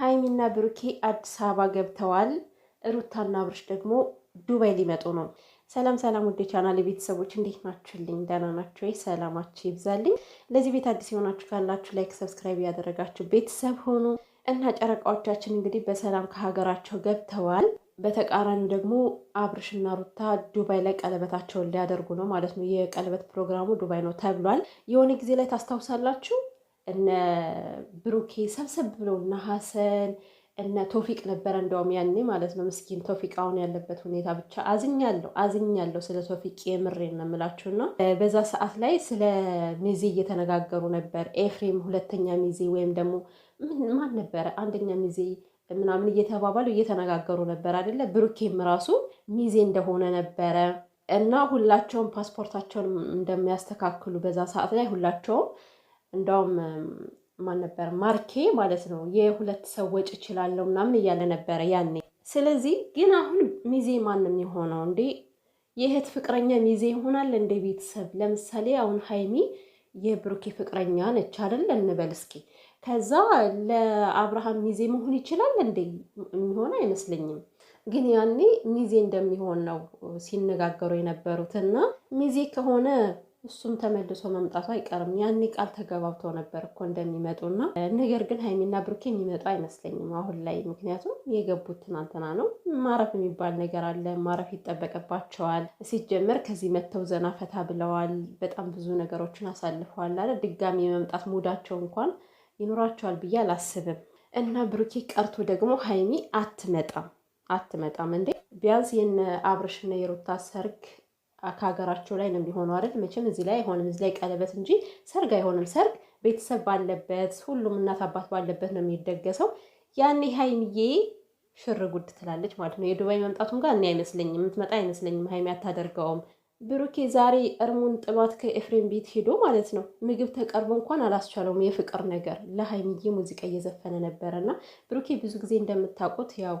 ሀይሚና ብሩኬ አዲስ አበባ ገብተዋል። ሩታና አብርሽ ደግሞ ዱባይ ሊመጡ ነው። ሰላም ሰላም፣ ውድ ቻናል ቤተሰቦች እንዴት ናችሁልኝ? ደህና ናችሁ ወይ? ሰላማችሁ ይብዛልኝ። ለዚህ ቤት አዲስ የሆናችሁ ካላችሁ ላይክ፣ ሰብስክራይብ ያደረጋችሁ ቤተሰብ ሆኑ እና ጨረቃዎቻችን እንግዲህ በሰላም ከሀገራቸው ገብተዋል። በተቃራኒ ደግሞ አብርሽና ሩታ ዱባይ ላይ ቀለበታቸውን ሊያደርጉ ነው ማለት ነው። የቀለበት ፕሮግራሙ ዱባይ ነው ተብሏል። የሆነ ጊዜ ላይ ታስታውሳላችሁ እነ ብሩኬ ሰብሰብ ብለው እነ ሀሰን እነ ቶፊቅ ነበረ እንደውም ያኔ ማለት ነው። ምስኪን ቶፊቅ አሁን ያለበት ሁኔታ ብቻ አዝኛለሁ አዝኛለሁ ስለ ቶፊቅ የምሬ ነው በዛ ሰዓት ላይ ስለ ሚዜ እየተነጋገሩ ነበር። ኤፍሬም ሁለተኛ ሚዜ ወይም ደግሞ ማን ነበረ አንደኛ ሚዜ ምናምን እየተባባሉ እየተነጋገሩ ነበር አይደለ? ብሩኬም ራሱ ሚዜ እንደሆነ ነበረ እና ሁላቸውም ፓስፖርታቸውን እንደሚያስተካክሉ በዛ ሰዓት ላይ ሁላቸውም እንደውም ማን ነበር ማርኬ ማለት ነው የሁለት ሰው ወጪ እችላለሁ ምናምን እያለ ነበረ ያኔ። ስለዚህ ግን አሁን ሚዜ ማንም የሆነው እንዴ የእህት ፍቅረኛ ሚዜ ይሆናል እንደ ቤተሰብ። ለምሳሌ አሁን ሀይሚ የብሩኬ ፍቅረኛ ነች አይደል እንበል እስኪ። ከዛ ለአብርሃም ሚዜ መሆን ይችላል እንደ የሚሆን አይመስለኝም። ግን ያኔ ሚዜ እንደሚሆን ነው ሲነጋገሩ የነበሩት እና ሚዜ ከሆነ እሱም ተመልሶ መምጣቱ አይቀርም። ያኔ ቃል ተገባብተው ነበር እኮ እንደሚመጡና ነገር ግን ሀይሚና ብሩኬ የሚመጡ አይመስለኝም አሁን ላይ። ምክንያቱም የገቡት ትናንትና ነው። ማረፍ የሚባል ነገር አለ፣ ማረፍ ይጠበቅባቸዋል። ሲጀመር ከዚህ መጥተው ዘና ፈታ ብለዋል። በጣም ብዙ ነገሮችን አሳልፈዋል አለ ድጋሚ የመምጣት ሙዳቸው እንኳን ይኖራቸዋል ብዬ አላስብም። እና ብሩኬ ቀርቶ ደግሞ ሀይሚ አትመጣም አትመጣም እንዴ! ቢያንስ የነ አብርሽና የሩታ ሰርግ ከሀገራቸው ላይ ነው የሚሆኑ አይደል? መቼም እዚህ ላይ አይሆንም። እዚህ ላይ ቀለበት እንጂ ሰርግ አይሆንም። ሰርግ ቤተሰብ ባለበት፣ ሁሉም እናት አባት ባለበት ነው የሚደገሰው። ያኔ ሀይሚዬ ሽር ጉድ ትላለች ማለት ነው። የዱባይ መምጣቱም ጋር እኔ አይመስለኝም፣ የምትመጣ አይመስለኝም። ሀይሚ አታደርገውም። ብሩኬ ዛሬ እርሙን ጥሏት ከኤፍሬም ቤት ሄዶ ማለት ነው ምግብ ተቀርቦ እንኳን አላስቻለውም። የፍቅር ነገር ለሀይሚዬ ሙዚቃ እየዘፈነ ነበረ እና ብሩኬ ብዙ ጊዜ እንደምታውቁት ያው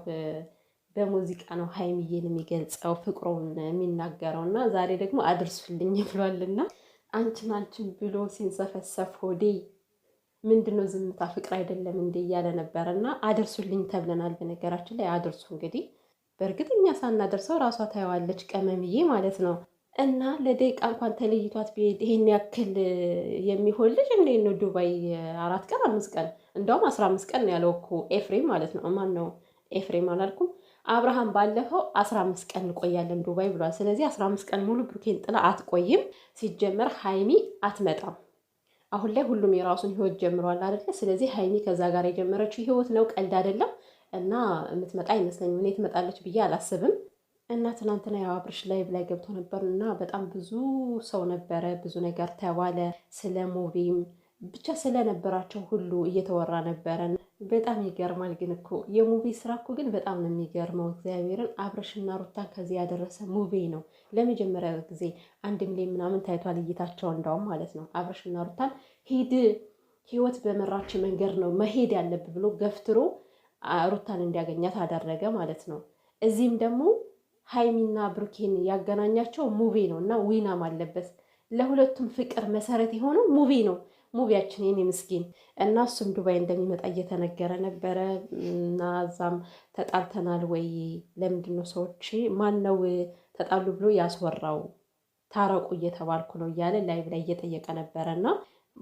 በሙዚቃ ነው ሀይሚዬን የሚገልጸው ፍቅሩን የሚናገረው እና ዛሬ ደግሞ አድርሱልኝ ብሏልና አንቺን አንቺን ብሎ ሲንሰፈሰፍ ሆዴ ምንድነው ዝምታ ፍቅር አይደለም እንዴ እያለ ነበረ እና አድርሱልኝ ተብለናል። በነገራችን ላይ አድርሱ እንግዲህ በእርግጥ እኛ ሳናደርሰው ራሷ ታየዋለች ቀመምዬ ማለት ነው። እና ለደቂቃ እንኳን ተለይቷት ይሄን ያክል የሚሆን ልጅ እንዴት ነው ዱባይ አራት ቀን አምስት ቀን እንደውም አስራ አምስት ቀን ያለው እኮ ኤፍሬም ማለት ነው። ማን ነው ኤፍሬም አላልኩም አብርሃም ባለፈው አስራ አምስት ቀን እንቆያለን ዱባይ ብሏል። ስለዚህ አስራ አምስት ቀን ሙሉ ብሩኬን ጥላ አትቆይም። ሲጀመር ሀይሚ አትመጣም። አሁን ላይ ሁሉም የራሱን ህይወት ጀምሯል አይደለ? ስለዚህ ሀይሚ ከዛ ጋር የጀመረችው ህይወት ነው፣ ቀልድ አይደለም። እና የምትመጣ አይመስለኝም። እኔ ትመጣለች ብዬ አላስብም። እና ትናንትና ያው አብርሽ ላይቭ ላይ ገብቶ ነበር እና በጣም ብዙ ሰው ነበረ፣ ብዙ ነገር ተባለ። ስለ ሙቪም ብቻ ስለነበራቸው ሁሉ እየተወራ ነበረ። በጣም ይገርማል። ግን እኮ የሙቪ ስራ እኮ ግን በጣም ነው የሚገርመው። እግዚአብሔርን አብረሽና ሩታን ከዚህ ያደረሰ ሙቪ ነው። ለመጀመሪያ ጊዜ አንድ ሚሊዮን ምናምን ታይቷል እይታቸው እንዳውም ማለት ነው። አብረሽና ሩታን ሂድ ህይወት በመራች መንገድ ነው መሄድ ያለብ ብሎ ገፍትሮ ሩታን እንዲያገኛት አደረገ ማለት ነው። እዚህም ደግሞ ሀይሚና ብሩኬን ያገናኛቸው ሙቪ ነው እና ዊናም አለበት። ለሁለቱም ፍቅር መሰረት የሆነው ሙቪ ነው። ሙቪያችን የኔ ምስኪን እና እሱም ዱባይ እንደሚመጣ እየተነገረ ነበረ እና እዛም ተጣልተናል ወይ ለምንድን ነው ሰዎች ማን ነው ተጣሉ ብሎ ያስወራው ታረቁ እየተባልኩ ነው እያለ ላይቭ ላይ እየጠየቀ ነበረ እና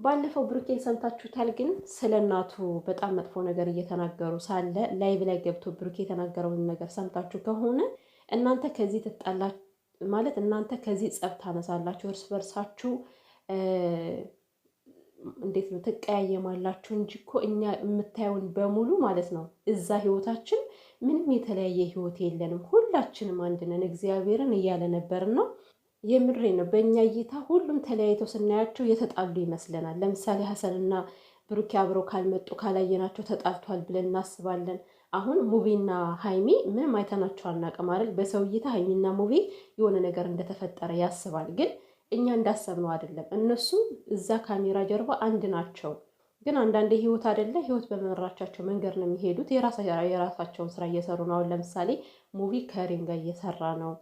ባለፈው ብሩኬን ሰምታችሁታል። ግን ስለ እናቱ በጣም መጥፎ ነገር እየተናገሩ ሳለ ላይቭ ላይ ገብቶ ብሩኬ የተናገረውን ነገር ሰምታችሁ ከሆነ እናንተ ከዚህ ትጣላ ማለት እናንተ ከዚህ ጸብ ታነሳላችሁ፣ እርስ በርሳችሁ እንዴት ነው ትቀያየማላችሁ እንጂ እኮ እኛ የምታየውን በሙሉ ማለት ነው እዛ ህይወታችን ምንም የተለያየ ህይወት የለንም። ሁላችንም አንድ ነን እግዚአብሔርን እያለ ነበርን ነው የምሬ ነው። በእኛ እይታ ሁሉም ተለያይተው ስናያቸው የተጣሉ ይመስለናል። ለምሳሌ ሀሰንና ብሩኬ አብረው ካልመጡ ካላየናቸው ተጣልቷል ብለን እናስባለን። አሁን ሙቪና ሀይሚ ምንም አይተናቸው አናውቅም አይደል? በሰው እይታ ሀይሚና ሙቪ የሆነ ነገር እንደተፈጠረ ያስባል ግን እኛ እንዳሰብነው አይደለም። እነሱ እዛ ካሜራ ጀርባ አንድ ናቸው። ግን አንዳንዴ ህይወት አይደለ ህይወት በመራቻቸው መንገድ ነው የሚሄዱት። የራሳቸውን ስራ እየሰሩ ነው። አሁን ለምሳሌ ሙቪ ከሪም ጋር እየሰራ ነው።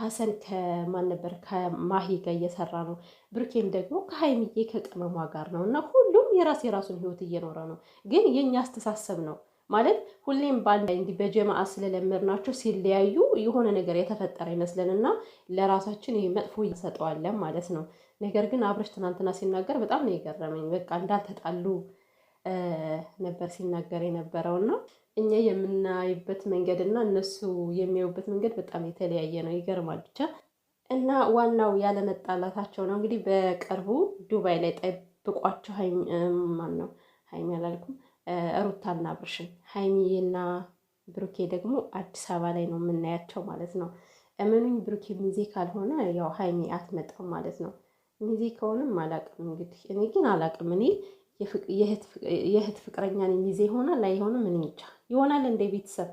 ሀሰን ከማን ነበር ከማሂ ጋር እየሰራ ነው። ብርኬም ደግሞ ከሀይምዬ ከቅመሟ ጋር ነው እና ሁሉም የራስ የራሱን ህይወት እየኖረ ነው። ግን የእኛ አስተሳሰብ ነው ማለት ሁሌም በአንድ ላይ እንዲህ በጀማአ ስለለመድናቸው ሲለያዩ የሆነ ነገር የተፈጠረ ይመስለንና ለራሳችን ይህ መጥፎ ይሰጠዋለን ማለት ነው። ነገር ግን አብረሽ ትናንትና ሲናገር በጣም ነው የገረመኝ። በቃ እንዳልተጣሉ ነበር ሲናገር የነበረው እና እኛ የምናይበት መንገድ እና እነሱ የሚያዩበት መንገድ በጣም የተለያየ ነው። ይገርማል ብቻ እና ዋናው ያለመጣላታቸው ነው። እንግዲህ በቅርቡ ዱባይ ላይ ጠብቋቸው ማን ነው ሀይሚ አላልኩም አብርሽን ሀይሚዬና ብሩኬ ደግሞ አዲስ አበባ ላይ ነው የምናያቸው ማለት ነው። እመኑኝ ብሩኬ ሚዜ ካልሆነ ያው ሀይሚ አትመጣም ማለት ነው። ሚዜ ከሆነም አላቅም እንግዲህ እኔ ግን አላቅም። እኔ የእህት ፍቅረኛ ሚዜ ይሆናል አይሆንም እኔ እንጃ። ይሆናል እንደ ቤተሰብ